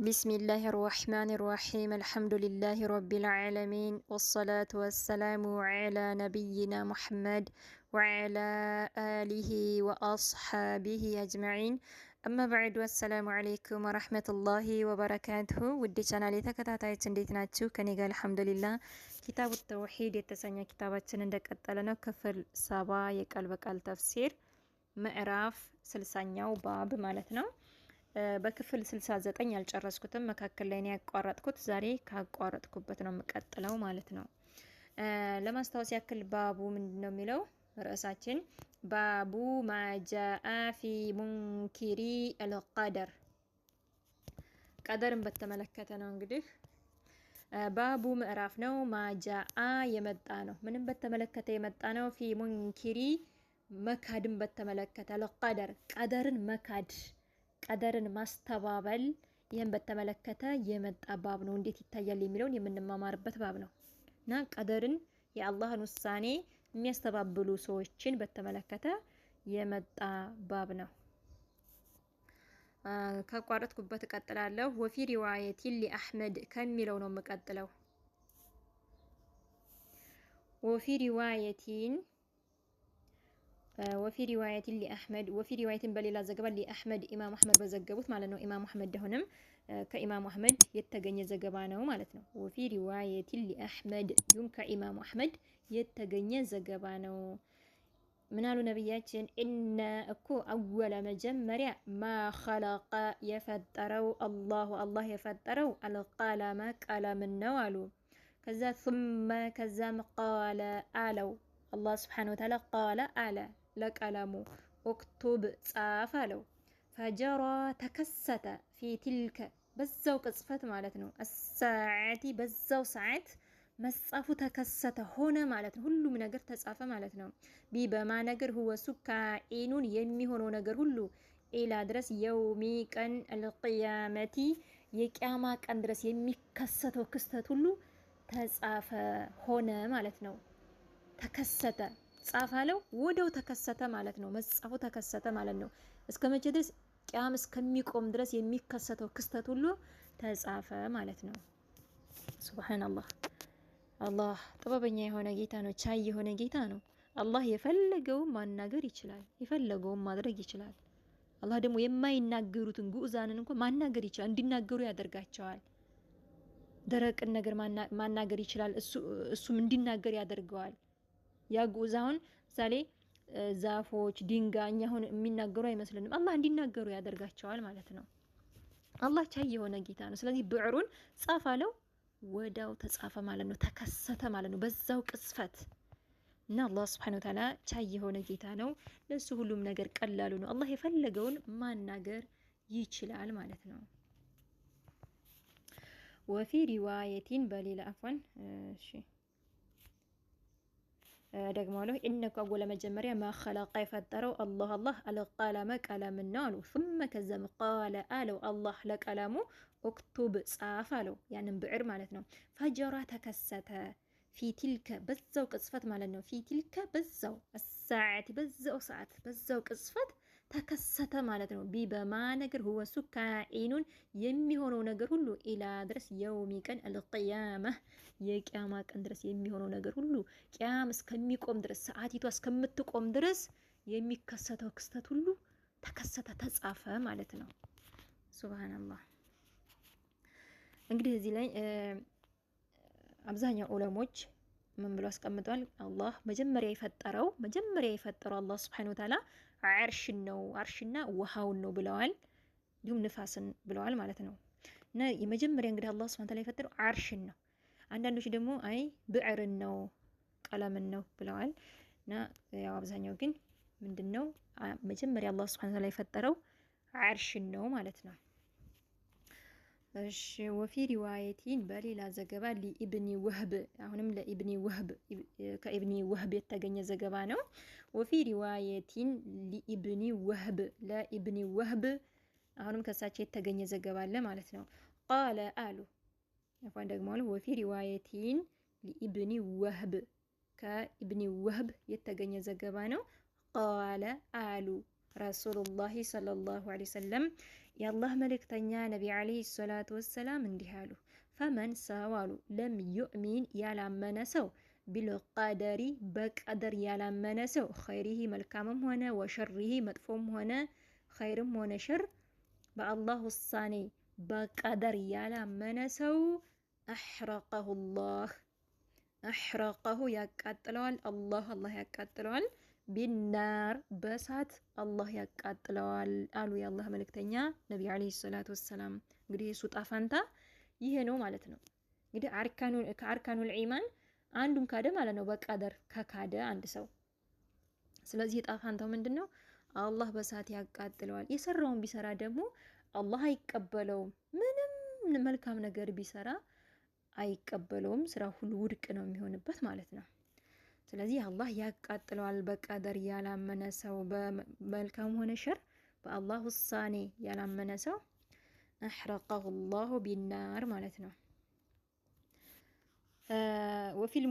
بسم الله الرحمن الرحيم الحمد لله رب العالمين والصلاة والسلام على نبينا محمد وعلى آله وأصحابه أجمعين أما بعد والسلام عليكم ورحمة الله وبركاته ودي شانا شانالي تكتاتاي تنديتناتشو كنيغا الحمد لله كتاب التوحيد يتسانيا كتابة تنندك أتلنا كفر سابا يكالبك التفسير ምዕራፍ سلسانيا وباب مالتنا በክፍል 69 ያልጨረስኩትም መካከል ላይ ነው ያቋረጥኩት። ዛሬ ካቋረጥኩበት ነው የምቀጥለው ማለት ነው። ለማስታወስ ያክል ባቡ ምንድን ነው የሚለው ርዕሳችን ባቡ ማጃአ ፊ ሙንኪሪ አልቀደር ቀደርን በተመለከተ ነው እንግዲህ ባቡ ምዕራፍ ነው። ማጃአ የመጣ ነው። ምንም በተመለከተ የመጣ ነው። ፊ ሙንኪሪ መካድን በተመለከተ አልቀደር ቀደርን መካድ ቀደርን ማስተባበል ይህን በተመለከተ የመጣ ባብ ነው። እንዴት ይታያል የሚለውን የምንማማርበት ባብ ነው እና ቀደርን የአላህን ውሳኔ የሚያስተባብሉ ሰዎችን በተመለከተ የመጣ ባብ ነው። ከቋረጥኩበት እቀጥላለሁ። ወፊ ሪዋየቲን ሊአሕመድ ከሚለው ነው የምቀጥለው። ወፊ ሪዋየቲን ወፊ ሪዋየትን ሊአሕመድ ወፊ ሪዋየትን በሌላ ዘገባ ሊአሕመድ ኢማም አሕመድ በዘገቡት ማለት ነው። ኢማም አሕመድ አሁንም ከኢማም አሕመድ የተገኘ ዘገባ ነው ማለት ነው። ወፊ ሪዋየትን ሊአሕመድ ይሁን ከኢማም አሕመድ የተገኘ ዘገባ ነው። ምናሉ ነቢያችን እነ እኮ አወለ መጀመሪያ ማ ኸለቀ የፈጠረው አላሁ አላህ የፈጠረው አልቀለመ ቀለምን ነው አሉ። ከዛ ثመ ከዛም ቃለ አለው አላህ ስብሓነሁ ወተዓላ ቃለ አለ ለቀለሙ ኦክቱብ ጻፍ አለው። ፈጀራ ተከሰተ ፊ ትልከ በዛው ቅጽፈት ማለት ነው። አሳዓቲ በዛው ሰዓት መጻፉ ተከሰተ ሆነ ማለት ነው። ሁሉም ነገር ተጻፈ ማለት ነው። ቢ በማ ነገር ሁወ እሱ የሚሆነው ነገር ሁሉ ኢላ ድረስ የውሚ ቀን አልቅያመቲ የቅያማ ቀን ድረስ የሚከሰተው ክስተት ሁሉ ተጻፈ ሆነ ማለት ነው። ተከሰተ ጻፍ አለው። ወደው ተከሰተ ማለት ነው። መጻፉ ተከሰተ ማለት ነው። እስከ መቼ ድረስ? ቂያም እስከሚቆም ድረስ የሚከሰተው ክስተት ሁሉ ተጻፈ ማለት ነው። ሱብሃንአላህ። አላህ ጥበበኛ የሆነ ጌታ ነው። ቻይ የሆነ ጌታ ነው። አላህ የፈለገውን ማናገር ይችላል። የፈለገውን ማድረግ ይችላል። አላህ ደግሞ የማይናገሩትን ጉዕዛንን እንኳ ማናገር ይችላል። እንዲናገሩ ያደርጋቸዋል። ደረቅን ነገር ማናገር ይችላል። እሱም እንዲናገር ያደርገዋል። ያጉዝ አሁን ምሳሌ ዛፎች፣ ድንጋይ እኛ አሁን የሚናገሩ አይመስልንም። አላህ እንዲናገሩ ያደርጋቸዋል ማለት ነው። አላህ ቻይ የሆነ ጌታ ነው። ስለዚህ ብዕሩን ጻፍ አለው፣ ወዳው ተጻፈ ማለት ነው። ተከሰተ ማለት ነው በዛው ቅስፈት እና አላህ ስብሐነ ወተዓላ ቻይ የሆነ ጌታ ነው። ለሱ ሁሉም ነገር ቀላሉ ነው። አላህ የፈለገውን ማናገር ይችላል ማለት ነው። ወፊ ሪዋየቲን በሌላ አፏን እሺ ደግማለሁ እነኳ ወለመጀመሪያ ማኸለቃ የፈጠረው አላህ አላህ አልቀለመ ቀለምን ነው አሉ። ሱመ ከዘም ቃለ አለው አላህ ለቀለሙ ኦክቱብ ጻፍ አለው። ያንን ብዕር ማለት ነው። ፈጀራ ተከሰተ ፊቲልከ በዛው ቅጽፈት ማለት ነው። ፊቲልከ በዛው አሳዓቲ በዛው ሰዓት በዛው ቅጽፈት ተከሰተ ማለት ነው። በማ ነገር ሁወ ሱካኢኑን የሚሆነው ነገር ሁሉ ኢላ ድረስ የውሚ ቀን አልቅያማ የቅያማ ቀን ድረስ የሚሆነው ነገር ሁሉ ቅያም እስከሚቆም ድረስ ሰዓቲቷ እስከምትቆም ድረስ የሚከሰተው ክስተት ሁሉ ተከሰተ ተጻፈ ማለት ነው። ሱብሃንአላህ። እንግዲህ እዚህ ላይ አብዛኛው ዑለሞች ምን ብሎ አስቀምጠዋል? አላህ መጀመሪያ የፈጠረው መጀመሪያ የፈጠረው አላህ ሱብሃነሁ ወተዓላ አርሽን ነው አርሽና ውሃውን ነው ብለዋል። እንዲሁም ንፋስን ብለዋል ማለት ነው። እና የመጀመሪያ እንግዲህ አላህ ሱብሓነሁ ወተዓላ የፈጠረው አርሽን ነው። አንዳንዶች ደግሞ አይ ብዕርን ነው ቀለምን ነው ብለዋል። እና ያው አብዛኛው ግን ምንድነው መጀመሪያ አላህ ሱብሓነሁ ወተዓላ የፈጠረው አርሽን ነው ማለት ነው። እሺ ወፊ ሪዋየቲን በሌላ ዘገባ ሊኢብኒ ወህብ አሁንም ለኢብኒ ወህብ ከኢብኒ ወህብ የተገኘ ዘገባ ነው። ወፊ ሪዋየቲን ሊኢብኒ ወህብ ለኢብኒ ወህብ አሁንም ከሳቸው የተገኘ ዘገባ አለ ማለት ነው። ቃለ አሉ እንኳን ደግሞ አሉ ወፊ ሪዋየቲን ሊኢብኒ ወህብ ከኢብኒ ወህብ የተገኘ ዘገባ ነው። ቃለ አሉ ረሱሉላሂ ሰለላሁ ዐለይሂ ወሰለም يا الله ملك تنيا نبي عليه الصلاة والسلام اندهالو فمن سوالو لم يؤمن يالا منسو بالقدر بقدر يالا منسو خيره ملكامم هنا وشره مدفوم هنا خيرم هنا شر الله الصاني بك أدر بقدر يالا منسو أحرقه الله أحرقه يا الله الله يا ቢናር በእሳት አላህ ያቃጥለዋል አሉ የአላህ መልእክተኛ ነቢ ዓለይሂ ሰላቱ ወሰላም። እንግዲህ እሱ ጣፋንታ ይሄ ነው ማለት ነው። እንግዲህ ከአርካኑል ኢማን አንዱን ካደ ማለት ነው፣ በቀደር ከካደ አንድ ሰው። ስለዚህ ጣፋንታው ምንድን ነው? አላህ በእሳት ያቃጥለዋል። የሰራውን ቢሰራ ደግሞ አላህ አይቀበለውም። ምንም መልካም ነገር ቢሰራ አይቀበለውም። ስራ ሁሉ ውድቅ ነው የሚሆንበት ማለት ነው። ስለዚህ አላህ ያቃጥለዋል። በቀደር ያላመነ ሰው በመልካም ሆነ ሸር በአላህ ውሳኔ ያላመነ ሰው አሕረቀሁ ላሁ ቢናር ማለት ነው። ወፊል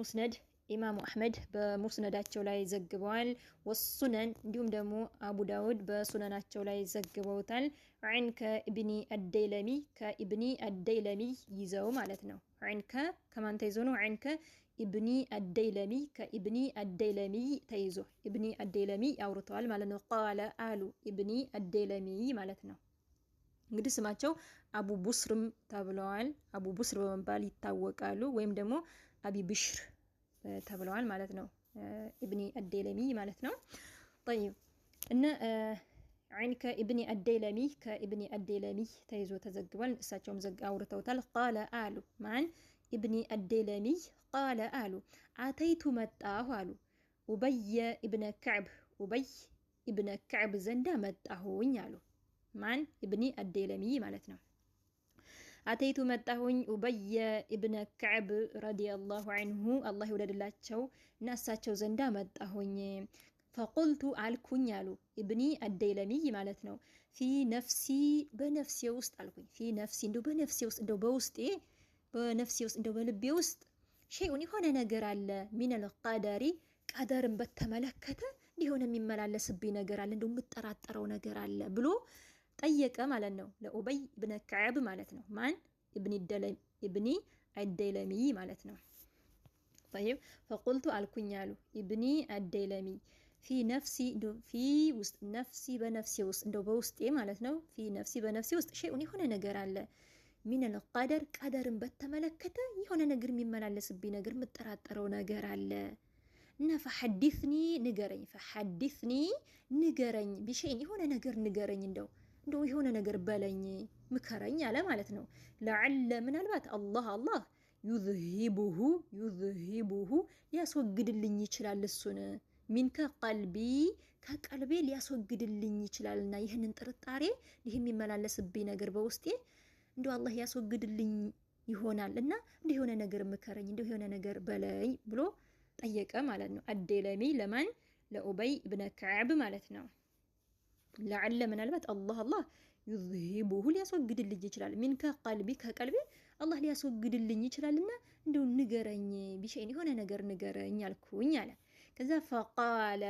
ሙስነድ ኢማሙ አህመድ በሙስነዳቸው ላይ ዘግበዋል። ወሱነን እንዲሁም ደግሞ አቡ ዳውድ በሱነናቸው ላይ ዘግበውታል። ዐን ከኢብኒ አደይለሚ ከኢብኒ አደይለሚ ይዘው ማለት ነው። ዐን ከ ከማን ተይዞ ነው? ዐን ከኢብኒ አደይለሚ ከኢብኒ አደይለሚ ተይዞ ኢብኒ አደይለሚ አውርተዋል ማለት ነው። ቃለ አሉ ኢብኒ አደይለሚ ማለት ነው። እንግዲህ ስማቸው አቡ ቡስርም ተብለዋል። አቡ ቡስር በመባል ይታወቃሉ ወይም ደግሞ አቢ ብሽር ተብለዋል ማለት ነው። ኢብኒ አደለሚ ማለት ነው። ጠይብ እና ን ከኢብኒ አደለሚ ከኢብኒ አደለሚ ተይዞ ተዘግቧል። እሳቸውም አውርተውታል። ቃለ አሉ ማን ኢብኒ አደለሚ ቃለ አሉ አተይቱ መጣሁ አሉ ኡበይ ኢብነ ከዕብ ኡበይ ኢብነ ከዕብ ዘንዳ መጣሁኝ አሉ። ማን ኢብኒ አደለሚ ማለት ነው። አተይቱ መጣሁኝ ኡበየ ኢብነ ከዕብ ረዲየላሁ አንሁ አላህ ይውደድላቸው እና እሳቸው ዘንዳ መጣሁኝ ፈቁልቱ አልኩኝ አሉ ኢብኒ አደይለሚይ ማለት ነው። ፊ ነፍሲ በነፍሴ ውስጥ አልኩኝ። ፊ ነፍሲ እንደው በነፍሴ ውስጥ እንደው በውስጤ በነፍሴ ውስጥ እንደው በልቤ ውስጥ ሸይኡን የሆነ ነገር አለ ሚነል ቀደሪ ቀደርን በተመለከተ እንዲሆነ የሚመላለስብኝ ነገር አለ እንደው የምጠራጠረው ነገር አለ ብሎ ጠየቀ ማለት ነው። ለኡበይ ብነ ከዕብ ማለት ነው። ማን እብኒ አደይለሚ ማለት ነው። ጠይብ ፈቁልቱ አልኩኝ አሉ እብኒ አደይለሚ ፊ ነፍሲ ፊ ውስጥ ነፍሲ በነፍሲ ውስጥ እንደው በውስጤ ማለት ነው። ፊ ነፍሲ በነፍሲ ውስጥ ሸይኡን የሆነ ነገር አለ ሚነል ቀደር ቀደርን በተመለከተ የሆነ ነገር የሚመላለስብኝ ነገር የምጠራጠረው ነገር አለ እና ፈሐዲስኒ ንገረኝ፣ ፈሐዲስኒ ንገረኝ፣ ብሸይን የሆነ ነገር ንገረኝ እንደው እንደው የሆነ ነገር በለኝ ምከረኝ አለ ማለት ነው። ለዓለ ምናልባት አላህ አላህ ዩዝሂቡሁ ዩዝሂቡሁ ሊያስወግድልኝ ይችላል እሱን ሚንከ ቀልቢ ከቀልቤ ሊያስወግድልኝ ይችላልና ይህንን ጥርጣሬ ይህ የሚመላለስብኝ ነገር በውስጤ እንዲ አላህ ያስወግድልኝ ይሆናል እና እንዲህ የሆነ ነገር ምከረኝ፣ እንዲህ የሆነ ነገር በለኝ ብሎ ጠየቀ ማለት ነው። አዴለሚ ለማን ለኡበይ ብነ ከዕብ ማለት ነው። ለዓለ ምናልባት አላህ አላህ ዩዝሂቡሁ ሊያስወግድልኝ ይችላል። ሚንከ ቀልቢ ከቀልቤ አላህ ሊያስወግድልኝ ይችላልና እንደው ንገረኝ፣ ቢሸይን የሆነ ነገር ንገረኝ አልኩኝ አለ። ከዛ ፈቃለ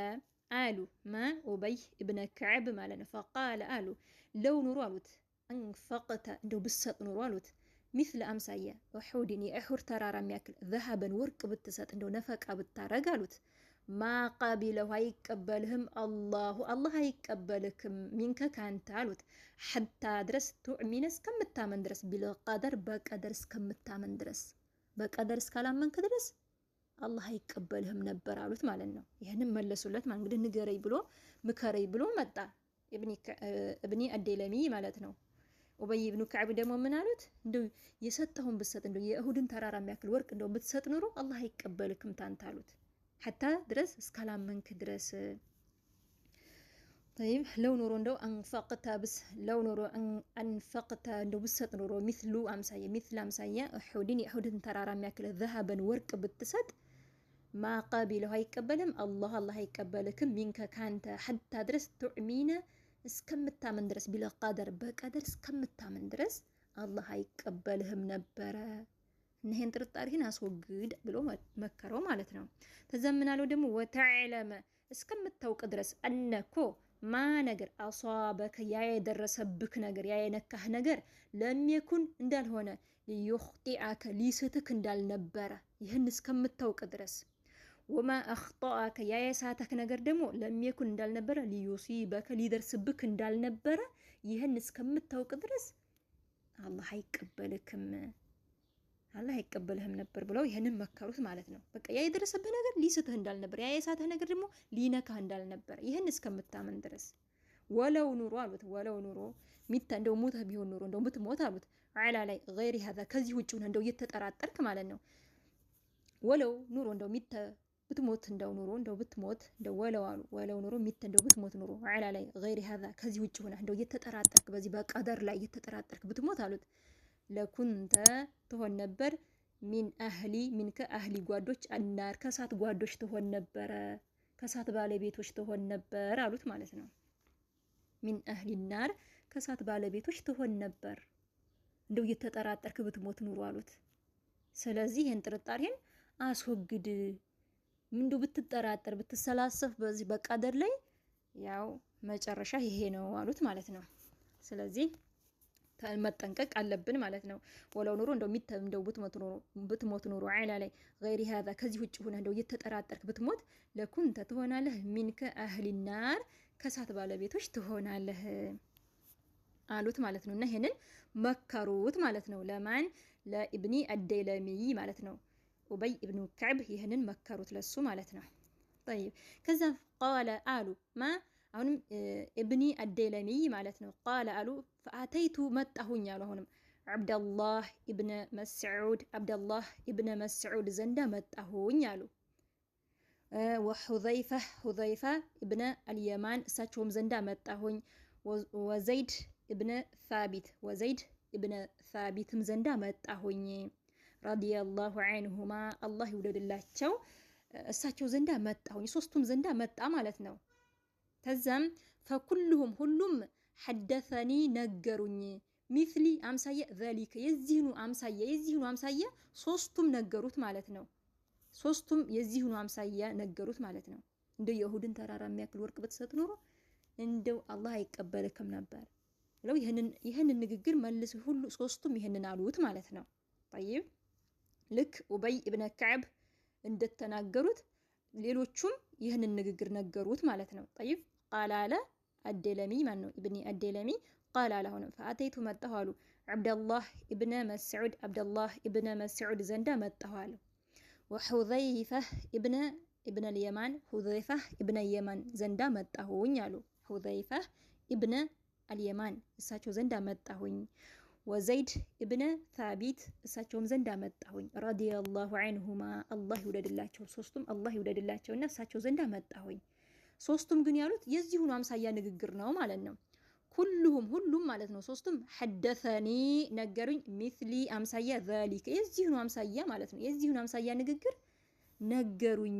አሉ ማ ኡበይ እብነ ከዕብ ማለት ነው። ፈቃለ አሉ ለው ኑሮ አሉት አንፈቅተ እንደው ብሰጥ ኑሮ አሉት ሚስለ አምሳያ ሑድን የእሑድ ተራራ የሚያክል ዘሀበን ወርቅ ብትሰጥ እንደው ነፈቃ ብታረግ አሉት ማቀቢለሁ አይቀበልህም፣ አላሁ አላህ አይቀበልክም። ሚንከ ካንተ አሉት ሐታ ድረስ ቱዕሚነ እስከምታመን ድረስ ቢልቀደር በቀደር እስከምታመን ድረስ በቀደር እስካላመንክ ድረስ አላህ አይቀበልህም ነበር አሉት ማለት ነው። ይህንም መለሱለት። እንግዲህ ንገረኝ ብሎ ምከረኝ ብሎ መጣ እብኒ አደለሚ ማለት ነው። ኡበይ ብኑ ከዕብ ደግሞ ምን አሉት? እንደው የሰጠሁን ብትሰጥ እንደው የእሁድን ተራራ የሚያክል ወርቅ እንደ ብትሰጥ ኑሮ አላህ አይቀበልክም ታንተ አሉት። ሓታ ድረስ እስካላመንክ ድረስ ይብ ለው ኖሮ እንደው አንፈቅተ ብስ ለው ኖሮ አንፈቅተ እንደ ብሰጥ ኖሮ ሚትሉ አምሳያ ሚትል አምሳያ ሑድን የሑድን ተራራ የሚያክል ዘሀበን ወርቅ ብትሰጥ ማቀቢለሁ አይቀበልም። አላህ አላህ አይቀበልክም። ሚንከ ካንተ ሐታ ድረስ ቱዕሚነ እስከምታምን ድረስ ቀደር በቀደር እስከምታምን ድረስ አላህ አይቀበልህም ነበረ። ይህን ጥርጣሬህን አስወግድ ብሎ መከረው ማለት ነው። ተዘምናለው ደግሞ ወተዕለመ እስከምታውቅ ድረስ እነኮ ማ ነገር አሷበከ ያ የደረሰብክ ነገር ያ የነካህ ነገር ለሚኩን እንዳልሆነ ሊዩኽጢአከ ሊስትክ እንዳልነበረ ይህን እስከምታውቅ ድረስ ወማ አኽጠአከ ያ የሳተክ ነገር ደግሞ ለሚኩን እንዳልነበረ ሊዩሲበከ ሊደርስብክ እንዳልነበረ ይህን እስከምታውቅ ድረስ አላህ አይቀበልክም። አላህ አይቀበልህም ነበር ብለው ይህንን መከሩት ማለት ነው። በቃ ያ የደረሰብህ ነገር ሊስትህ እንዳልነበር፣ ያ የሳተህ ነገር ደግሞ ሊነካህ እንዳልነበር ይህን እስከምታመን ድረስ ወለው ኑሮ አሉት ወለው ኑሮ ሚታ እንደው ሞተ ቢሆን ኑሮ እንደው ብትሞት አሉት አላ ላይ ገይሪ ሀዛ ከዚህ ውጭ ሆነ እንደው እየተጠራጠርክ ማለት ነው። ወለው ኑሮ እንደው ሚታ ብትሞት እንደው ኑሮ እንደው ብትሞት እንደው ወለው አሉ ወለው ኑሮ ሚታ እንደው ብትሞት ኑሮ አላ ላይ ገይሪ ሀዛ ከዚህ ውጭ ሆነ እንደው እየተጠራጠርክ በዚህ በቀደር ላይ እየተጠራጠርክ ብትሞት አሉት ለኩንተ ትሆን ነበር ሚን አህሊ ሚንከ ከአህሊ ጓዶች አናር ከእሳት ጓዶች ትሆን ነበረ ከእሳት ባለቤቶች ትሆን ነበር አሉት ማለት ነው። ሚን አህሊ ናር ከእሳት ባለቤቶች ትሆን ነበር እንደው እየተጠራጠርክ ብትሞት ኑሮ አሉት። ስለዚህ ይህን ጥርጣሬን አስወግድ። ምንዱ ብትጠራጠር ብትሰላሰፍ በዚህ በቃደር ላይ ያው መጨረሻ ይሄ ነው አሉት ማለት ነው። ስለዚህ መጠንቀቅ አለብን ማለት ነው። ወለው ኑሮ እንደው እንደው ብትሞት ኑሮ ዐይላ ላይ ገይሪ ሀዛ ከዚህ ውጭ ሆነ እንደው እየተጠራጠርክ ብትሞት ለኩንተ ትሆናለህ ሚንከ አህሊ ከእሳት ባለቤቶች ትሆናለህ አሉት ማለት ነው። እና ይሄንን መከሩት ማለት ነው። ለማን ለኢብኒ አደይለሚ ማለት ነው። ኡበይ ኢብኑ ከዕብ ይህንን መከሩት ለሱ ማለት ነው። ጠይብ ከዛ ቃለ አሉ ማ አሁንም እብኒ አደለሚይ ማለት ነው። ቃለ አሉ ፈአተይቱ መጣሁኝ አሉ። አሁንም አብደላህ ኢብነ መስዑድ አብደላህ ኢብነ መስዑድ ዘንዳ መጣሁኝ አሉ። ወሑዘይፈ ሁዘይፈ ኢብነ አልየማን እሳቸውም ዘንዳ መጣሁኝ። ወዘይድ ኢብነ ሳቢት ወዘይድ ኢብነ ሳቢትም ዘንዳ መጣሁኝ። ረዲየላሁ አንሁማ አላህ ይውደድላቸው እሳቸው ዘንዳ መጣሁኝ። ሶስቱም ዘንዳ መጣ ማለት ነው። ከዛም ፈኩልሁም ሁሉም ሐደሰኒ ነገሩኝ ሚስሊ አምሳየ ዘሊከ የዚህኑ አምሳየ የዚህኑ አምሳየ ሶስቱም ነገሩት ማለት ነው። ሶስቱም የዚህኑ አምሳያ ነገሩት ማለት ነው። እንደ የእሁድን ተራራ የሚያክል ወርቅ ብትሰጥ ኖሮ እንደው አላህ አይቀበልክም ነበር ብለው ይህንን ንግግር መልስ ሁሉ ሶስቱም ይህንን አሉት ማለት ነው። ጠይብ ልክ ኡበይ እብነ ከዕብ እንደተናገሩት ሌሎቹም ይህንን ንግግር ነገሩት ማለት ነው። ጠይብ ቃል አለ አደለሚ ማን ነው ኢብኒ አደለሚ ቃል አለ አሁንም ፈአተይቱ መጣሁ አሉ ዐብደላህ ኢብነ መስዑድ ዐብደላህ ኢብነ መስዑድ ዘንዳ መጣሁ አሉ ወሑዘይፈ ኢብነ ኢብነ ልየማን ሁዘይፈ ኢብነ የማን ዘንዳ መጣሁኝ አሉ ሁዘይፈ ኢብነ አልየማን እሳቸው ዘንዳ መጣሁኝ ወዘይድ ኢብነ ታቢት እሳቸውም ዘንድ አመጣሁኝ። ረዲየላሁ አንሁማ አላህ ይውደድላቸው። ሶስቱም አላህ ይውደድላቸውና እሳቸው ዘንድ አመጣሁኝ። ሶስቱም ግን ያሉት የዚሁኑ አምሳያ ንግግር ነው ማለት ነው። ኩልሁም ሁሉም ማለት ነው። ሶስቱም ሐደሰኒ ነገሩኝ፣ ሚስሊ አምሳያ ዛሊከ የዚሁኑ አምሳያ ማለት ነው። የዚሁኑ አምሳያ ንግግር ነገሩኝ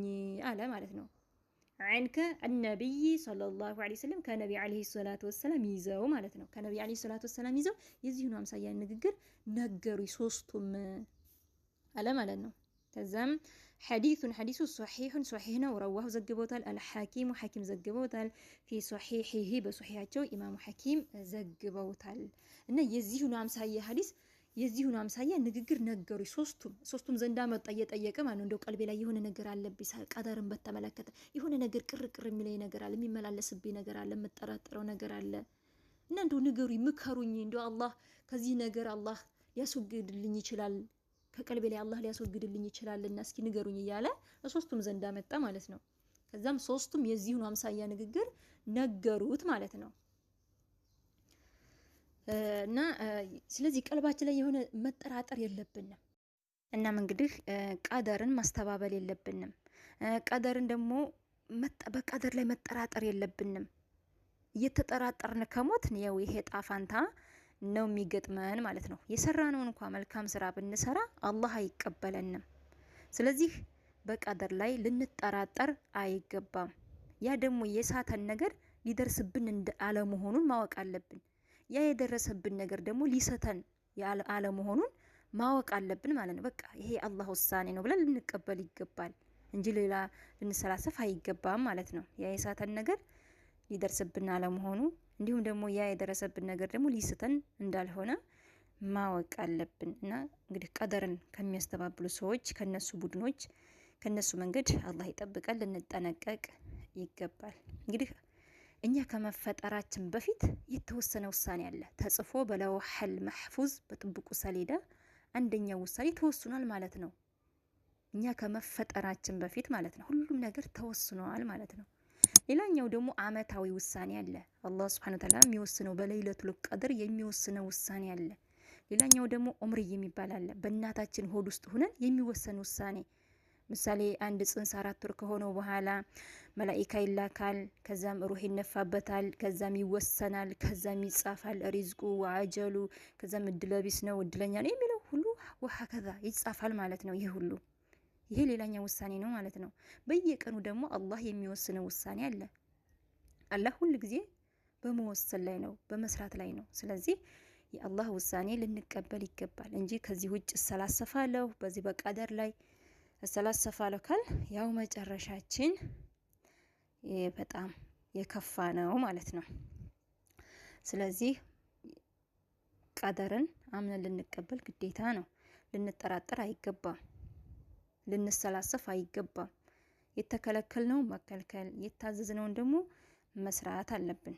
አለ ማለት ነው። ዐንከ አነቢይ ሰለላሁ ዐለይሂ ወሰለም ከነቢ ዐለይሂ ሰላቱ ወሰላም ይዘው ማለት ነው። ከነቢ ዐለይሂ ሰላቱ ወሰላም ይዘው የዚሁኑ አምሳያ ንግግር ነገሩኝ ሶስቱም አለ ማለት ነው። ከዛም ሐዲሱን ሐዲሱ ሶሒሑን ሶሒሕ ነው፣ ረዋሁ ዘግቦታል። አልሐኪሙ ሐኪም ዘግበውታል። ፊ ሶሒሒሂ በሶሒያቸው ኢማሙ ሐኪም ዘግበውታል። እና የዚሁን አምሳያ ሐዲስ የዚሁን አምሳያ ንግግር ነገሩ ሶስቱም ሶስቱም ዘንዳ መጣ እየጠየቀ ማለት እንደው ቀልቤ ላይ የሆነ ነገር አለብኝ፣ ቀደርን በተመለከተ የሆነ ነገር ቅርቅር የሚለኝ ነገር አለ፣ የሚመላለስብኝ ነገር አለ፣ የምጠራጠረው ነገር አለ እና እንደው ንገሩኝ፣ ምከሩኝ፣ እንደው አላህ ከዚህ ነገር አላህ ሊያስወግድልኝ ይችላል ከቀልቤ ላይ አላህ ሊያስወግድልኝ ይችላልና እስኪ ንገሩኝ እያለ ሶስቱም ዘንድ አመጣ ማለት ነው። ከዛም ሶስቱም የዚሁን አምሳያ ንግግር ነገሩት ማለት ነው። እና ስለዚህ ቀልባችን ላይ የሆነ መጠራጠር የለብንም። እናም እንግዲህ ቀደርን ማስተባበል የለብንም። ቀደርን ደግሞ በቀደር ላይ መጠራጠር የለብንም። እየተጠራጠርን ከሞት ነው ይሄ ጣፋንታ ነው የሚገጥመን ማለት ነው። የሰራነውን እንኳ መልካም ስራ ብንሰራ አላህ አይቀበለንም። ስለዚህ በቀደር ላይ ልንጠራጠር አይገባም። ያ ደግሞ የሳተን ነገር ሊደርስብን እንደ አለመሆኑን ማወቅ አለብን። ያ የደረሰብን ነገር ደግሞ ሊሰተን አለመሆኑን ማወቅ አለብን ማለት ነው። በቃ ይሄ አላህ ውሳኔ ነው ብለን ልንቀበል ይገባል እንጂ ሌላ ልንሰላሰፍ አይገባም ማለት ነው። ያ የሳተን ነገር ሊደርስብን አለመሆኑ እንዲሁም ደግሞ ያ የደረሰብን ነገር ደግሞ ሊስተን እንዳልሆነ ማወቅ አለብን እና እንግዲህ ቀደርን ከሚያስተባብሉ ሰዎች ከነሱ ቡድኖች ከነሱ መንገድ አላህ ይጠብቃል። ልንጠነቀቅ ይገባል። እንግዲህ እኛ ከመፈጠራችን በፊት የተወሰነ ውሳኔ አለ ተጽፎ በለውሐል መሕፉዝ በጥብቁ ሰሌዳ አንደኛው ውሳኔ ተወስኗል ማለት ነው። እኛ ከመፈጠራችን በፊት ማለት ነው ሁሉም ነገር ተወስኗል ማለት ነው። ሌላኛው ደግሞ አመታዊ ውሳኔ አለ። አላህ ስብሐነ ወተዓላ የሚወስነው በለይለቱል ቀድር የሚወስነው ውሳኔ አለ። ሌላኛው ደግሞ ዑምር የሚባል አለ። በእናታችን ሆድ ውስጥ ሆነን የሚወሰን ውሳኔ ምሳሌ አንድ ጽንስ አራት ወር ከሆነው በኋላ መላኢካ ይላካል። ከዛም ሩህ ይነፋበታል። ከዛም ይወሰናል። ከዛም ይጻፋል ሪዝቁ ወአጀሉ። ከዛም እድለቢስ ነው እድለኛ ነው የሚለው ሁሉ ወሀከዛ ይጻፋል ማለት ነው ይህ ሁሉ ይሄ ሌላኛው ውሳኔ ነው ማለት ነው። በየቀኑ ደግሞ አላህ የሚወስነው ውሳኔ አለ። አላህ ሁል ጊዜ በመወሰን ላይ ነው፣ በመስራት ላይ ነው። ስለዚህ የአላህ ውሳኔ ልንቀበል ይገባል እንጂ ከዚህ ውጭ እሰላሰፋለሁ፣ በዚህ በቀደር ላይ እሰላሰፋለሁ ካል ያው መጨረሻችን በጣም የከፋ ነው ማለት ነው። ስለዚህ ቀደርን አምነን ልንቀበል ግዴታ ነው። ልንጠራጠር አይገባም። ልንሰላሰፍ አይገባም። የተከለከልነው መከልከል፣ የታዘዝነውን ደግሞ መስራት አለብን።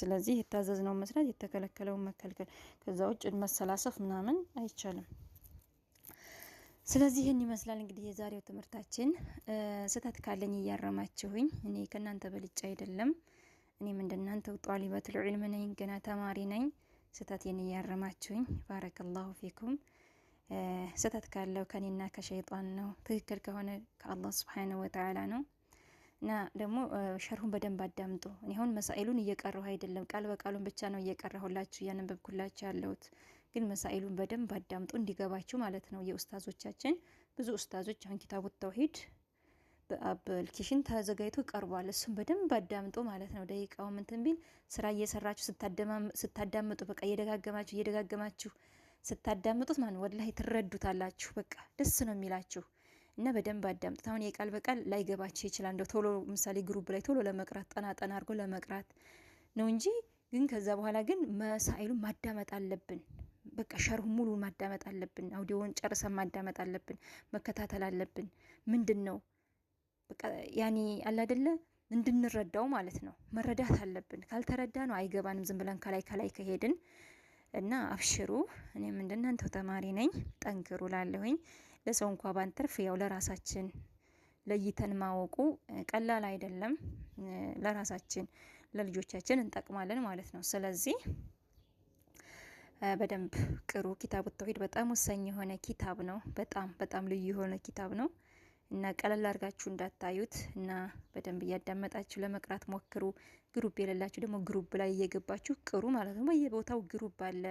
ስለዚህ የታዘዝነው መስራት፣ የተከለከለው መከልከል፣ ከዛ ውጭ መሰላሰፍ ምናምን አይቻልም። ስለዚህ ይህን ይመስላል እንግዲህ የዛሬው ትምህርታችን። ስህተት ካለኝ እያረማችሁኝ፣ እኔ ከእናንተ በልጭ አይደለም። እኔም እንደናንተ ውጧሊ ዒልም ነኝ፣ ገና ተማሪ ነኝ። ስህተቴን እያረማችሁኝ። ባረከላሁ ፊኩም ስህተት ካለው ከኔና ከሸይጣን ነው፣ ትክክል ከሆነ ከአላህ ስብሓነሁ ወተዓላ ነው። እና ደግሞ ሸርሁን በደንብ አዳምጡ። እኔ አሁን መሳኤሉን እየቀረሁ አይደለም፣ ቃል በቃሉን ብቻ ነው እየቀረሁላችሁ እያነበብኩላችሁ ያለሁት። ግን መሳኤሉን በደንብ አዳምጡ እንዲገባችሁ ማለት ነው። የኡስታዞቻችን ብዙ ኡስታዞች አሁን ኪታቡ ተውሂድ በአፕሊኬሽን ተዘጋጅቶ ቀርቧል። እሱም በደንብ አዳምጡ ማለት ነው። ደቂቃው ምንትን ቢል ስራ እየሰራችሁ ስታዳምጡ፣ በቃ እየደጋገማችሁ እየደጋገማችሁ ስታዳምጡት ማን ወላሂ ትረዱታላችሁ። በቃ ደስ ነው የሚላችሁ እና በደንብ አዳምጡት። አሁን የቃል በቃል ላይገባችሁ ይችላል። እንደው ቶሎ ምሳሌ ግሩፕ ላይ ቶሎ ለመቅራት ጠና ጠና አድርጎ ለመቅራት ነው እንጂ ግን ከዛ በኋላ ግን መሳይሉን ማዳመጥ አለብን። በቃ ሸርሁ ሙሉ ማዳመጥ አለብን። አውዲዮን ጨርሰን ማዳመጥ አለብን። መከታተል አለብን። ምንድን ነው በቃ ያኔ አለ አይደለ እንድንረዳው ማለት ነው። መረዳት አለብን። ካልተረዳ ነው አይገባንም። ዝም ብለን ከላይ ከላይ ከሄድን እና አብሽሩ፣ እኔም እንደናንተው ተማሪ ነኝ። ጠንክሩ ላለሁኝ ለሰው እንኳ ባንተርፍ ያው ለራሳችን ለይተን ማወቁ ቀላል አይደለም። ለራሳችን ለልጆቻችን እንጠቅማለን ማለት ነው። ስለዚህ በደንብ ቅሩ። ኪታቡ ተውሂድ በጣም ወሳኝ የሆነ ኪታብ ነው። በጣም በጣም ልዩ የሆነ ኪታብ ነው እና ቀለል አድርጋችሁ እንዳታዩት እና በደንብ እያዳመጣችሁ ለመቅራት ሞክሩ። ግሩፕ የሌላችሁ ደግሞ ግሩፕ ላይ እየገባችሁ ቅሩ ማለት ነው። በየቦታው ግሩፕ አለ።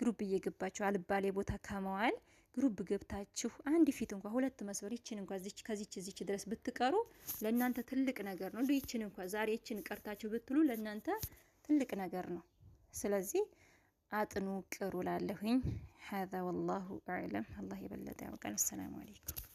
ግሩፕ እየገባችሁ አልባሌ ቦታ ከመዋል ግሩፕ ገብታችሁ አንድ ፊት እንኳ ሁለት መስበር ይችን እንኳ ዚች ከዚች ዚች ድረስ ብትቀሩ ለእናንተ ትልቅ ነገር ነው። እንዲ ይችን እንኳ ዛሬ ይችን ቀርታችሁ ብትሉ ለእናንተ ትልቅ ነገር ነው። ስለዚህ አጥኑ ቅሩ ላለሁኝ ሀዛ ወላሁ አዕለም። አላህ የበለጠ ያውቃል። አሰላሙ አለይኩም